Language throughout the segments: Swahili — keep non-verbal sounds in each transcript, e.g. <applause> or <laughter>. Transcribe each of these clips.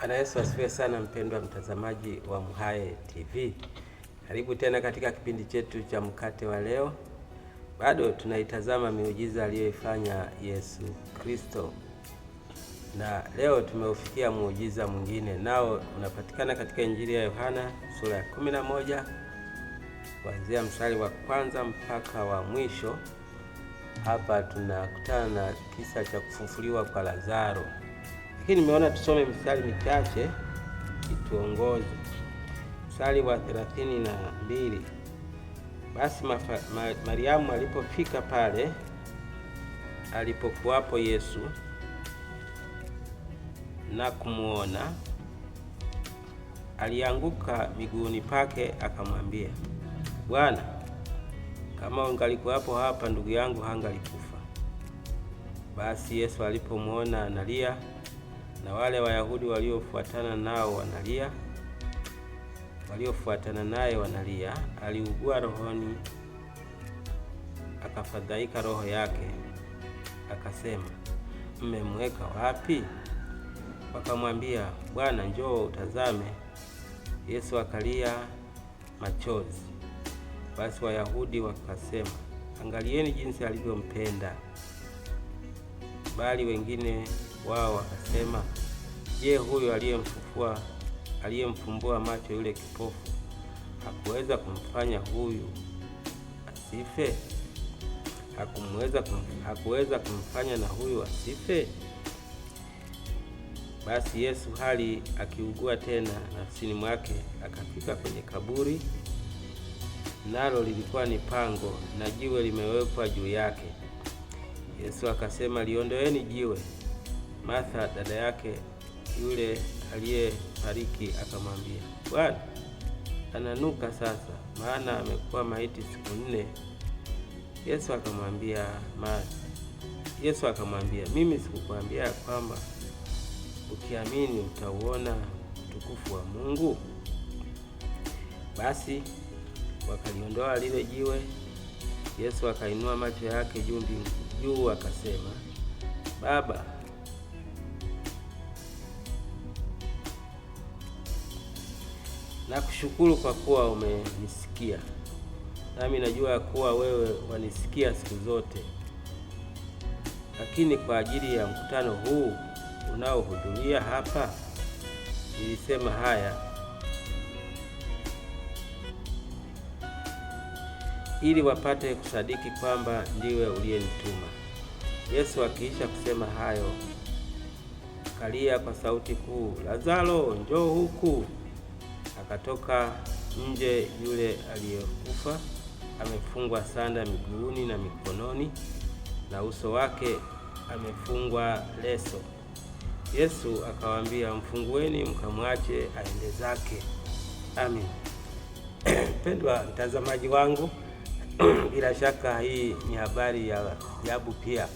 Bwana Yesu asifiwe sana, mpendwa mtazamaji wa MHAE TV, karibu tena katika kipindi chetu cha mkate wa leo. Bado tunaitazama miujiza aliyoifanya Yesu Kristo, na leo tumeufikia muujiza mwingine, nao unapatikana katika Injili ya Yohana sura ya 11 kuanzia mstari wa kwanza mpaka wa mwisho. Hapa tunakutana na kisa cha kufufuliwa kwa Lazaro. Lakini nimeona tusome mstari michache ituongoze. Mstari wa thelathini na mbili basi mafa, ma, Mariamu alipofika pale alipokuwapo Yesu na kumuona alianguka miguuni pake akamwambia, Bwana, kama ungalikuwapo hapa ndugu yangu hangalikufa. Basi Yesu alipomuona analia na wale Wayahudi waliofuatana nao wanalia waliofuatana naye wanalia. Aliugua rohoni, akafadhaika roho yake, akasema, mmemweka wapi? Wakamwambia, Bwana, njoo utazame. Yesu akalia machozi. Basi Wayahudi wakasema, angalieni jinsi alivyompenda. Bali wengine wao wakasema, je, huyu aliyemfufua aliyemfumbua macho yule kipofu hakuweza kumfanya huyu asife? Hakumweza kum, hakuweza kumfanya na huyu asife? Basi Yesu hali akiugua tena nafsini mwake, akafika kwenye kaburi, nalo lilikuwa ni pango na jiwe limewekwa juu yake. Yesu akasema, liondoeni jiwe. Martha dada yake yule aliyefariki akamwambia, Bwana ananuka sasa, maana amekuwa maiti siku nne. Yesu akamwambia Martha, Yesu akamwambia, mimi sikukwambia kwamba ukiamini utauona utukufu wa Mungu? Basi wakaliondoa lile jiwe. Yesu akainua macho yake juu juu, akasema Baba Nakushukuru kwa kuwa umenisikia, nami najua kuwa wewe wanisikia siku zote, lakini kwa ajili ya mkutano huu unaohudhuria hapa nilisema haya ili wapate kusadiki kwamba ndiwe uliyenituma. Yesu akiisha kusema hayo, kalia kwa sauti kuu, Lazaro, njoo huku akatoka nje yule aliyekufa amefungwa sanda miguuni na mikononi, na uso wake amefungwa leso. Yesu akawaambia, mfungueni mkamwache aende zake. Amin. Mpendwa <clears throat> mtazamaji wangu, <clears throat> bila shaka hii ni habari ya ajabu pia.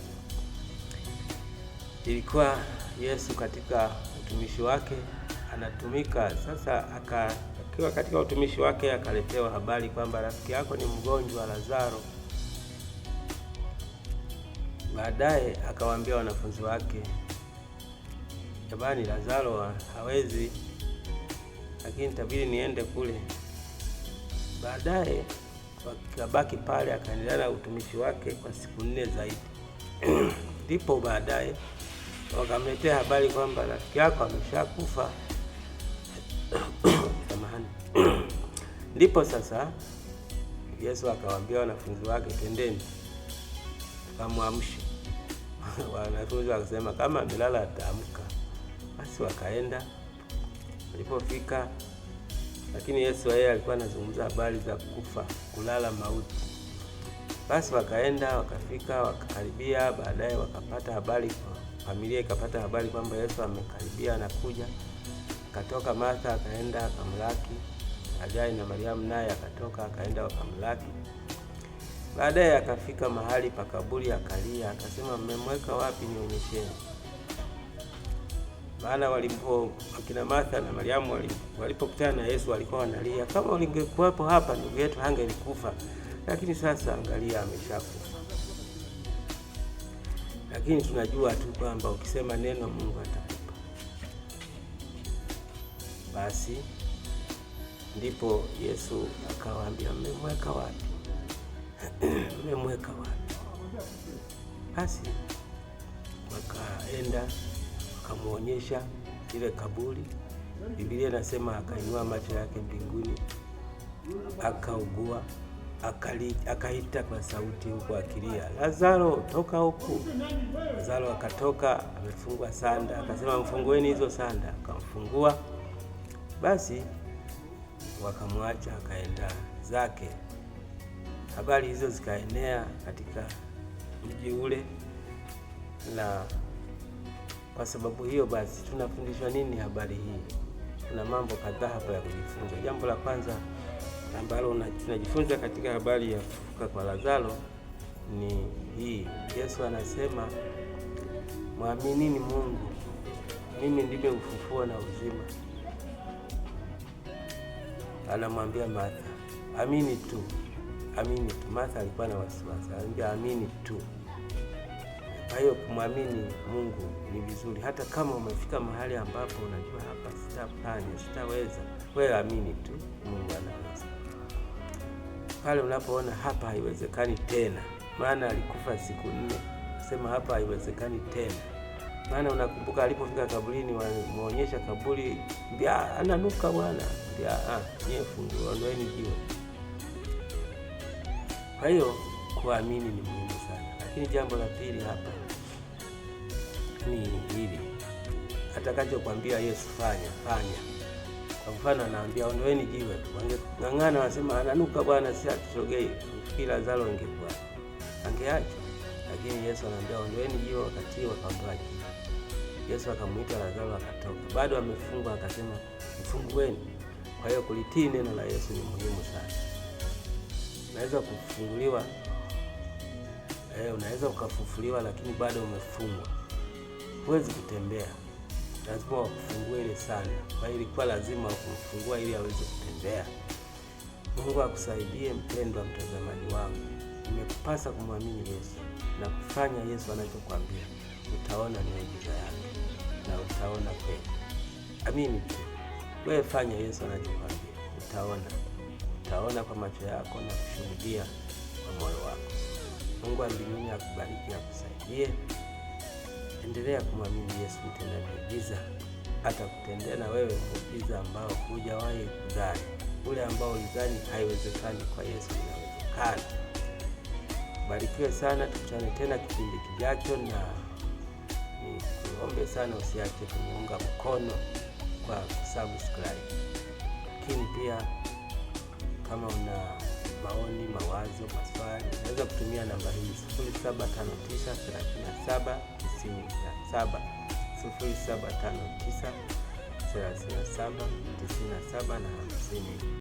Ilikuwa Yesu katika utumishi wake anatumika sasa, akiwa katika utumishi wake akaletewa habari kwamba rafiki yako ni mgonjwa Lazaro. Baadaye akawaambia wanafunzi wake, jamani, Lazaro hawezi, lakini tabidi niende kule. Baadaye wakabaki pale, akaendelea na utumishi wake kwa siku nne zaidi. <clears throat> Ndipo baadaye wakamletea habari kwamba rafiki yako ameshakufa. <clears throat> Ndipo sasa Yesu akawaambia wanafunzi wake, tendeni tukamwamshe. <laughs> Wanafunzi wakasema kama amelala ataamka. Basi wakaenda, walipofika lakini Yesu yeye alikuwa anazungumza habari za kufa, kulala, mauti. Basi wakaenda wakafika, wakakaribia, baadaye wakapata habari, familia ikapata habari kwamba Yesu amekaribia, anakuja. Akatoka Martha akaenda akamlaki. Hagai na Mariamu, naye akatoka akaenda wakamlaki Baadaye akafika mahali pa kaburi, akalia akasema, mmemweka wapi? Nionyesheni. Maana walipo akina Martha na Mariamu walipokutana na Yesu walikuwa wanalia, kama ulingekuwepo hapa ndugu yetu hangelikufa, lakini sasa angalia, ameshakufa. Lakini tunajua tu kwamba ukisema neno Mungu atakupa basi Ndipo Yesu akawaambia, mmemweka wapi? <clears throat> mmemweka wapi? Basi wakaenda wakamwonyesha ile kaburi. Biblia inasema akainua macho yake mbinguni, akaugua, akaita kwa sauti huku akilia, Lazaro, toka huku. Lazaro akatoka, amefungwa sanda. Akasema, mfungueni hizo sanda. Akamfungua basi wakamwacha akaenda zake. Habari hizo zikaenea katika mji ule, na kwa sababu hiyo basi tunafundishwa nini habari hii? Kuna mambo kadhaa hapa ya kujifunza. Jambo la kwanza ambalo tunajifunza katika habari ya kufufuka kwa Lazaro ni hii. Yesu anasema mwaminini Mungu, mimi ndime ufufua na uzima anamwambia Martha, amini tu, amini tu. Martha alikuwa na wasiwasi, anamwambia amini tu. Kwa hiyo kumwamini Mungu ni vizuri, hata kama umefika mahali ambapo unajua hapa sitafanya, sitaweza, wewe amini tu, Mungu anaweza. Pale unapoona hapa haiwezekani tena, maana alikufa siku nne, sema hapa haiwezekani tena maana unakumbuka alipofika kaburini wameonyesha kaburi mbya ananuka bwana mbya ah, nyewe fungu ondoeni jiwe. Kwa hiyo kuamini ni muhimu sana, lakini jambo la pili hapa ni hili atakachokwambia Yesu, fanya fanya. Kwa mfano, anaambia ondoeni jiwe, wangeng'ang'ana wasema ananuka bwana, si atusogei. Mfikiri Lazaro angekuwa angeacha, lakini Yesu anaambia ondoeni jiwe, wakati wakaondoa jiwe Yesu akamwita Lazaro akatoka, bado amefungwa, akasema mfungueni. Kwa hiyo kulitii neno la Yesu ni muhimu sana. Unaweza kufunguliwa eh, unaweza ukafufuliwa, lakini bado umefungwa, huwezi kutembea, lazima wakufungue ile sana. Kwa hiyo ilikuwa lazima wakumfungua ili aweze kutembea. Mungu akusaidie mpendwa mtazamaji wangu, imekupasa kumwamini Yesu na kufanya Yesu anachokwambia utaona miujiza yake na utaona kweli. Amini tu, wewe fanya Yesu anachokwambia, utaona, utaona kwa macho yako na kushuhudia kwa moyo wako. Mungu wa mbinguni akubariki, akusaidie. Endelea kumwamini Yesu mtenda miujiza, atakutendea na wewe muujiza ambao hujawahi kudhani, ule ambao ulidhani haiwezekani, kwa Yesu inawezekana. Barikiwe sana, tukutane tena kipindi kijacho na nikuombe sana usiache kuniunga mkono kwa subscribe, lakini pia kama una maoni, mawazo, maswali unaweza kutumia namba hii 0759 37 97 0759 37 97 na 50.